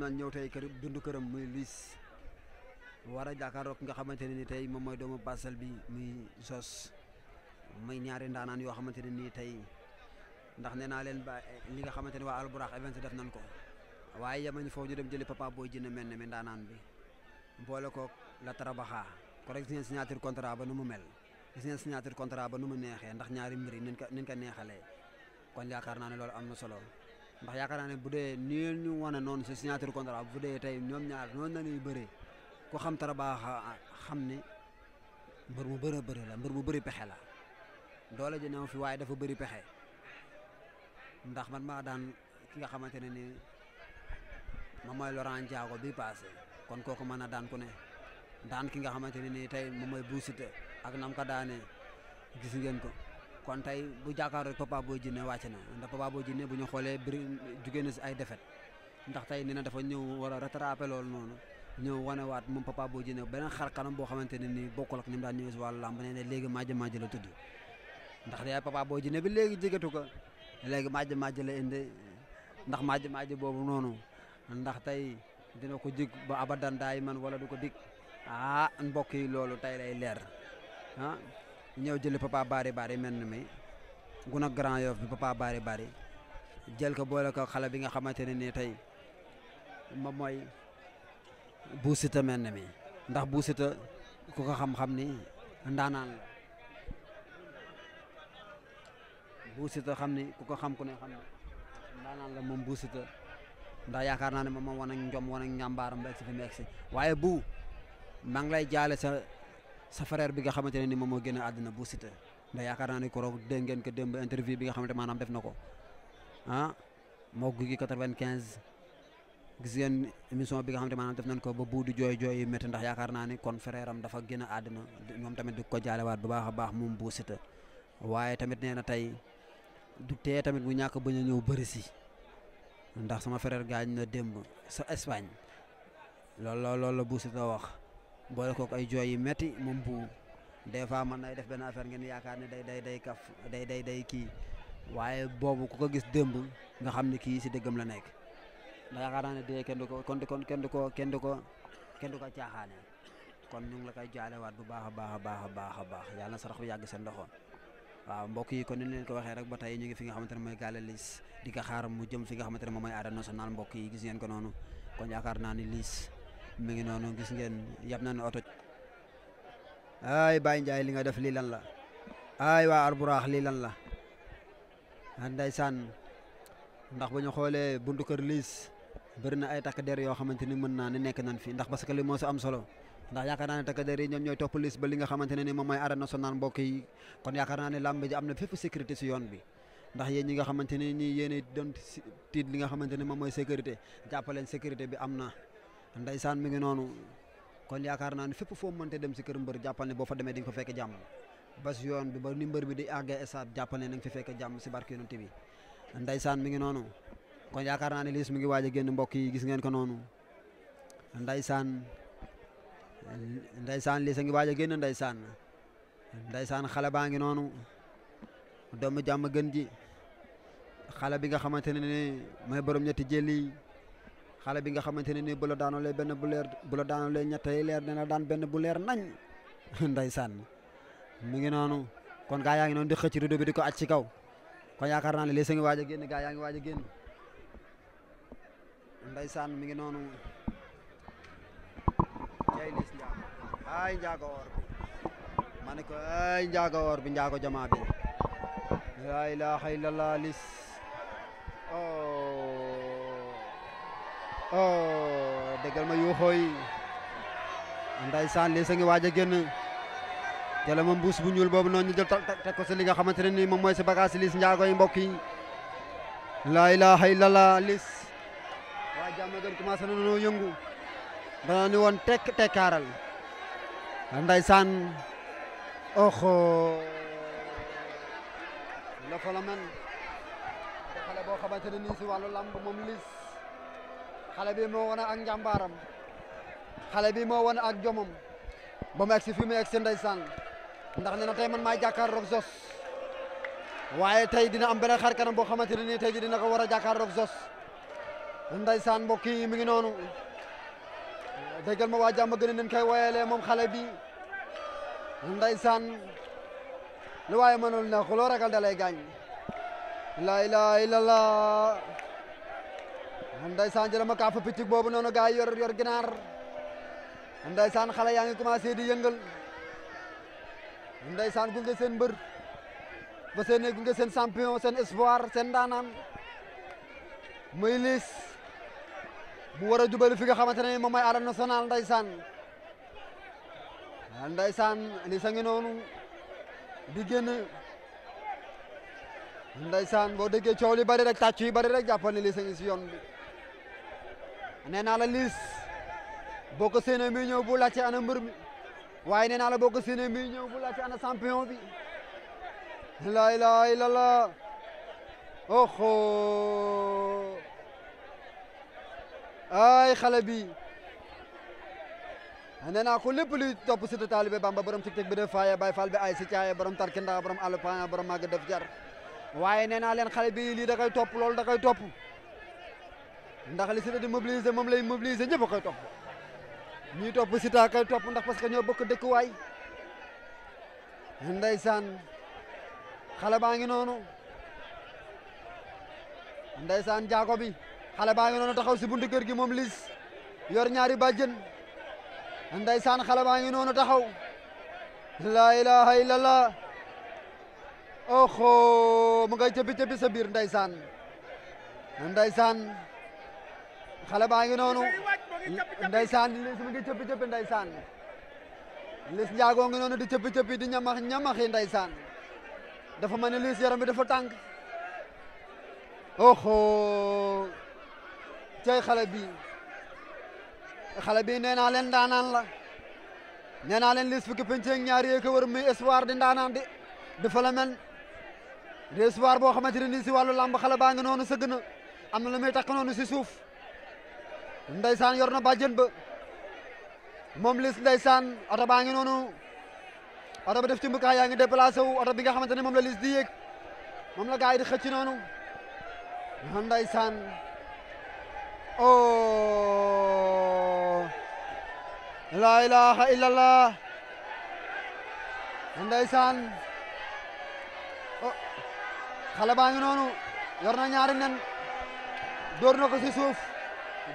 xam ñëw tey kër dund këram muy Liss war a jàkkaarloog nga xamante ne ni tey moom mooy doomu Parcelles bi muy Zoss muy ñaari ndaanaan yoo xamante ne nii tey ndax ne naa leen ba li nga xamante ne waa Alburax event def nañ ko waaye yamañ foofu ñu dem jëli papa booy jënd mel ne mi ndaanaan bi boole koog la tarabaxaa ko rek seen signature contrat ba nu mu mel seen signature contrat ba nu mu neexee ndax ñaari mbir yi nañ ko nañ ko neexalee kon yaakaar naa ne loolu am na solo ndax yaakaar naa ne bu dee nii ñu wane noonu si signature contrat bu dee tey ñoom ñaar noonu la ñuy bëree ku xam tara baax xam ne mbër mu bëri bëri la mbër mu bëri pexe la doole ji new fi waaye dafa bëri pexe ndax man maa daan ki nga xamante ne nii moom mooy Laurent Ndiago bi passé kon kooku mën na daan ku ne daan ki nga xamante ne nii tey moom mooy Bou ak nam ka daanee gis ngeen ko kon tey bu jàkkaaroo Papa Boy Djiné wàcc na ndax Papa Boy Djiné bu ñu xoolee si ay defet ndax tey nee na dafa ñëw war a rattrapé loolu noonu ñëw wanewaat moom Papa Boy Djiné beneen xar kanam boo xamante ne nii bokk ak ni mu daan si wàllu làmb nee na léegi majj majj ndax yaay Papa Boy Djiné bi léegi jigatu ko léegi majj majj la indi ndax majj majj boobu noonu ndax tey dina ko jig ba abadan daay man wala du ko dig ah mbokk yi loolu tey lay leer ah ñëw jëli papa bari bari mel ni mi gun a grand yoof bi papa bari bari jël ko boole ko xale bi nga xamante ne nii tey moom mooy Bou Siteu mel ni mi ndax Bou Siteu ku ko xam-xam ni ndaanaan la Bou Siteu xam ni ku xam ku ne xam ne ndaanaan la moom Bou Siteu ndax yaakaar naa ne moom moom wan ak njom wan ak ñàmbaaram ba egsi fi waaye bu maa lay jaale sa sa frère bi nga xamante ne ni moom moo génn àddina bu Siteu ndax yaakaar naa ne koroog dégg ngeen ko démb interview bi nga xamante maanaam def na ko ah moo guy gi 95 gis ngeen émission bi nga xamante maanaam def nañ ko ba buudu jooy jooy yu métti ndax yaakaar naa ni kon frère am dafa génn àddina moom tamit di ko jaalewaat bu baax a baax moom bu Siteu waaye tamit nee na tey du tee tamit bu ñàkk bañ a ñëw bëri si ndax sama frère gaañ na démb sa Espagne loolu loolu la bu Siteu wax. boole kook ay jooy yu metti moom bu des fois mën nay def benn affaire ngeen yaakaar ne day day day kaf day day day kii waaye boobu ku ko gis dëmb nga xam ne kii si dëggam la nekk ndax yaakaar naa ne dee kenn du ko kon kon kenn du ko kenn du ko kenn du ko caaxaane kon ñu ngi la koy jaalewaat bu baax a baax a baax a baax a baax yàlla na sarax bi yàgg seen loxo waaw mbokk yi kon ni leen ko waxee rek ba tey ñu ngi fi nga xamante ne mooy gàlle liis di ko xaar mu jëm fi nga xamante ne moom mooy arène nationale mbokk yi gis ngeen ko noonu kon yaakaar naa ni mi ngi noonu gis ngeen yab nañu oto ay Baye Ndiaye li nga def lii lan la ay waa Arbouraax lii lan la ah, ndeysaan ndax bu ñu xoolee buntu kër liis bëri na ay takk yoo xamante ni mën naa ne nekk nan fi ndax parce que li moo si am solo ndax yi ñoom ñooy topp liis ba li nga xamante ne ni moom mooy arène nationale mbokk kon yaakaar naa ne làmb ji am na fépp sécurité si yoon bi ndax yéen ñi nga xamante ne nii yéen doon tiit li nga xamante ne moom mooy sécurité jàppaleen sécurité bi am na ndeysaan mi ngi noonu kon yaakaar naa ne fépp foo mënte dem si kër mbër jàppal ne boo fa demee di nga fa fekk jàmm ba si yoon bi ba ni mbër bi di àggee stade jàppal ne na nga fi fekk jàmm si barke yonent bi ndeysaan mi ngi noonu kon yaakaar naa ne liis mi ngi waaj a génn mbokk yi gis ngeen ko noonu ndeysaan ndeysaan liis a ngi waaj a génn ndeysaan ndeysaan xale baa ngi noonu doomu jàmm gën ji xale bi nga xamante ne ni mooy borom ñetti jëli xale bi nga xamante ne nii bu la daanalee benn bu leer bu la daanalee ñettay leer daan benn buleer leer nañ ndeysaan mu ngi noonu kon gaa yaa ngi noonu di xëcc rido di ko aj ci kaw kon yaakaar naa ne léegi sa ngi waaj a génn gaa yaa ngi waaj mi ngi noonu cey lis njaago ay njaago woor ko ay njaago woor bi njaago jamaa bi la ilaha illallah lis oh oh ma yuuxoo yi ndeysaan lii sa ngi waaj génn jëla ma mbuus bu ñuul boobu noonu ñu jël teg ko si li nga xamante ne nii mooy si bagage si liis njaago yi mbokk yi laa ilaha illallah liis waa jàmm gën commencé na noo yëngu danaa ni woon tekk tekkaaral ndeysaan oxo la fa xale boo xamante ne si wàllu làmb moom liis xale moo wan ak njàmbaaram xale bi moo wane ak jomam ba mu egsi fi mu egsi ndeysaan ndax nee na tey man maay jàkkaarloog Zoss waaye tey dina am beneen xar boo xamante ne nii tey ji dina ko war a jàkkaarloog Zoss ndeysaan mbokk yi mi ngi noonu déggal ma wa jàmm gën a nen koy woyalee moom xale bi ndeysaan lu waaye mënul ne xuloo ragal dalay gaañ la ilaha illallah ndeysaan jëlama kaafa piccik boobu noonu gaay yor yor ginaar ndeysaan xale yaa ngi commencé di yëngal ndeysaan gunge seen mbër ba seen gunge seen champion seen espoir seen ndaanaan muy liis mu war a jubali fi nga xamante ne moom mooy arène nationale ndeysaan ndeysaan liis a ngi noonu di génn ndeysaan boo déggee coow li bari rek tàcc yi bari rek jàppal ni liis a ngi nee naa la liis boo ko séenee mi ñëw bu laajte ana mbër mi waaye nee naa la boo ko séenee mi ñëw bu laajte ana champion bi la ilaha illallah ay xale bi nee naa ko lépp luy topp si taalibe Bamba borom tik bi de faaya bay fal bi ay si caaya borom tarkinda borom alpana borom màgg def jar waaye nee naa leen xale bi lii topp loolu da topp ndax li Siteu di mobiliser moom lay mobiliser ñëpp a koy topp ñuy topp Siteu a koy topp ndax parce que ñoo bokk dëkkuwaay ndeysaan xale baa ngi noonu ndeysaan jaago bi xale baa ngi noonu taxaw si buntu kër gi moom liis yor ñaari bàjjen ndeysaan xale baa ngi noonu taxaw laa ilaha illallah oxo mu ngay cëppi cëppi sa biir ndeysaan ndeysaan xale baa ngi noonu ndeysaan lis mi ngi cëppi cëppi ndeysaan lis njaagoo ngi noonu di cëppi cëppi di ñamax ñamaxi ndeysaan dafa mel ni lis yaram bi dafa tànk oho cey xale bi xale bi nee naa leen ndaanaan la nee naa leen lis fukki penceeg ñaar yee ko wër muy espoir di ndaanaan di dafa la mel di espoir boo xamante ne nii si wàllu làmb xale baa ngi noonu sëgg na am na lu muy takk noonu si suuf ndeysaan yor na bàjjen ba moom lis ndeysaan oto baa ngi noonu oto ba def ci mbukaay yaa ngi déplacé wu oto bi xamante ne moom la lis di yéeg moom la gars di xëcc noonu ah, ndeysaan oh laa ilaha illallah ndeysaan oh xale baa ngi noonu yor na ñaari nen na ko suuf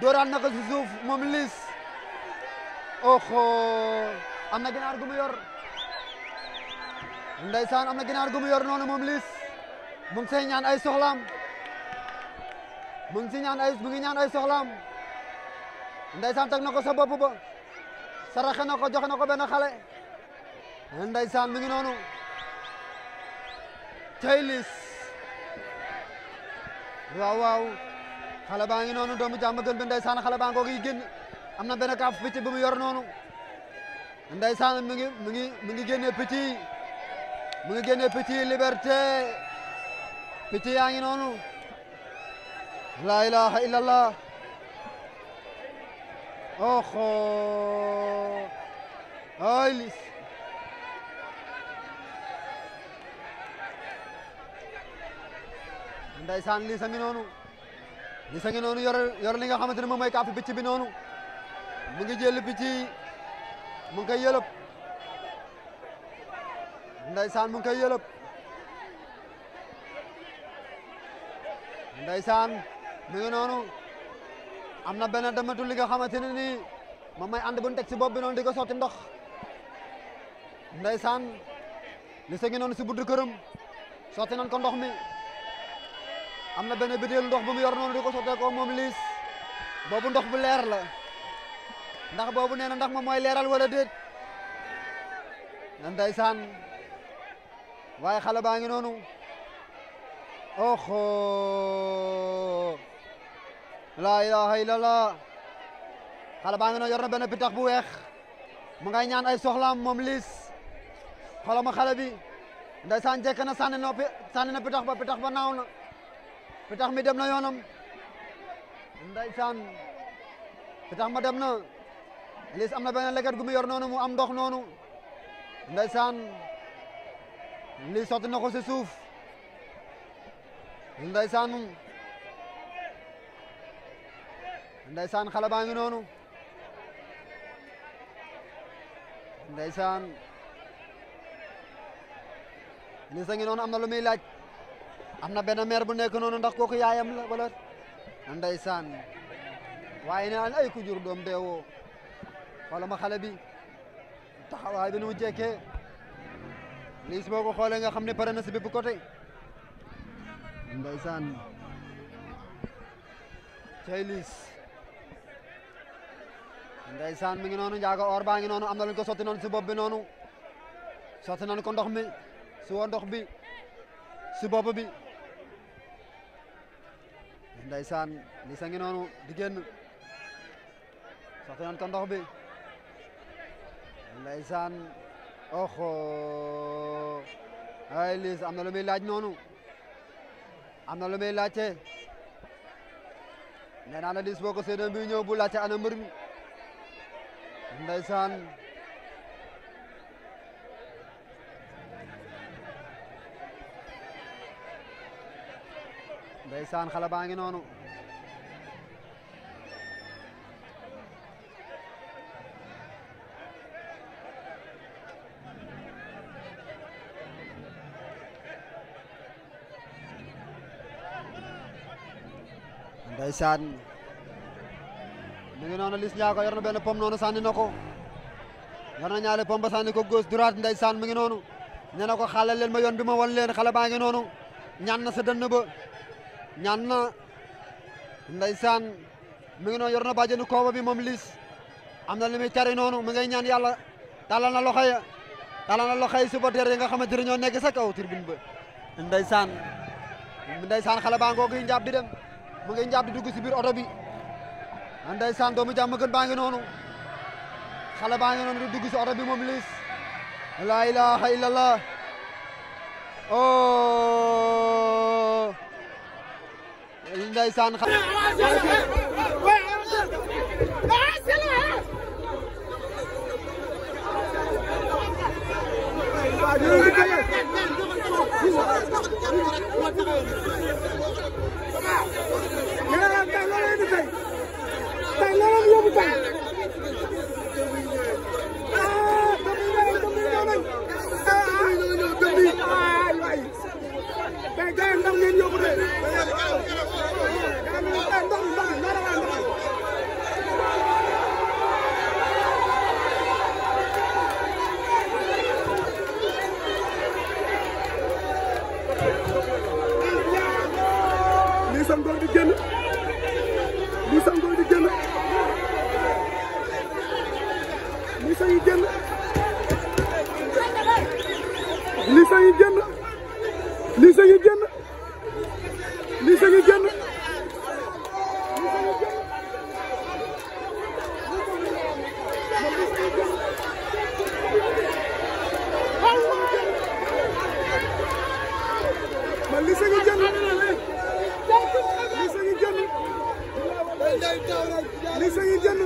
dóoraan na ko si suuf moom liis oxo am na ginaar gu mu yor ndeysaan am na ginaar gu mu yor noonu moom liis mu ngi say ay soxlaam mu ngi si ñaan ay mu ngi ñaan ay soxlaam na ko sa bopp ba saraxe na ko joxe na ko benn xale ndeysaan mi ngi noonu cay liis waaw xale baa ngi noonu doomu jàmbatul bi ndeysaan xale baa ngoogi génn am na benn kaaf picc bu mu yor noonu ndeysaan mi ngi mi ngi mi ngi picc yi mu ngi génne picc liberté picc yaa ngi noonu laa ilaha illallah oxo ay lis ndeysaan lisa ngi noonu ñi sa ngi noonu yor yor li nga xamante ne moom mooy kaafu picc bi noonu mu ngi jël picc yi mu ngi koy yëlëb ndeysaan mu ngi koy yëlëb ndeysaan ngi noonu am na benn dematu li nga xamante ne nii moom mooy ànd bu ñu teg si bopp bi noonu di ko sotti ndox ndeysaan li sa ngi noonu si buntu këram sotti nañ ko ndox mi am na benn bitéelu ndox bu mu yor noonu di ko sottee ko moom liis boobu ndox bu leer la ndax boobu nee na ndax moom mooy leeral wala déet ndeysaan waaye xale baa ngi noonu oxo laa ilaha illallah xale baa ngi noonu yor na benn pitax bu weex mu ngay ñaan ay soxlaam moom liis xolama xale bi ndeysaan jekk na sànni na sànni na pitax ba pitax ba naaw na pitax mi dem na yoonam ndeysaan pitax ma dem na liis am na beneen leket gu mu yor noonu mu am ndox noonu ndeysaan lii sotti na ko si suuf ndeysaan ndeysaan xale baa ngi noonu ndeysaan liis a ngi noonu am na lu muy laaj am na benn mère bu nekk noonu ndax kooku yaayam la wala ndeysaan waaye ne an ay ku doom deewoo xoola ma xale bi taxawaay bi nu mu jekkee liis boo ko xoolee nga xam ne pare na si bépp côté ndeysaan cey liis ndeysaan mi ngi noonu njaaga or baa ngi noonu am na lu ñu ko sotti noonu si bopp bi noonu sotti nañ ko ndox mi si woo ndox bi si bi ndeysaan li sa ngi noonu di génn soxte noonu ko ndox bi ndeysaan oxo ay liis am na lu muy laaj noonu am na lu muy laajte nee naa la liis boo ko séenee bi ñëw bu laajte ana mbër mi ndeysaan ndeysaan xale baa ngi noonu ndeysaan mu ngi noonu Liss Ndiago yor na benn pom noonu sànni na ko yor na ñaale pom ba sànni ko góos duraat ndeysaan mu ngi noonu nee na ko xàllal leen ma yoon bi ma won leen xale baa ngi noonu ñaan na sa dënn ñaan na ndeysaan mi ngi noonu yor na bàjjenu kooba bi moom liis am na li muy cari noonu mi ngay ñaan yàlla talal na loxo ya talal na loxo yi supporter yi nga xamante ne ñoo nekk sa kaw tribune ba ndeysaan ndeysaan xale baa ngoo ngi njàpp di dem mu ngi di dugg biir oto bi ndeysaan doomu jàmm gën baa ngi noonu xale baa ngi noonu di dugg oto bi moom liis la ilaha illallah oh! ndeysaan Thank you. génn Moussa Ngoye di génn Moussa yi li sañu jënd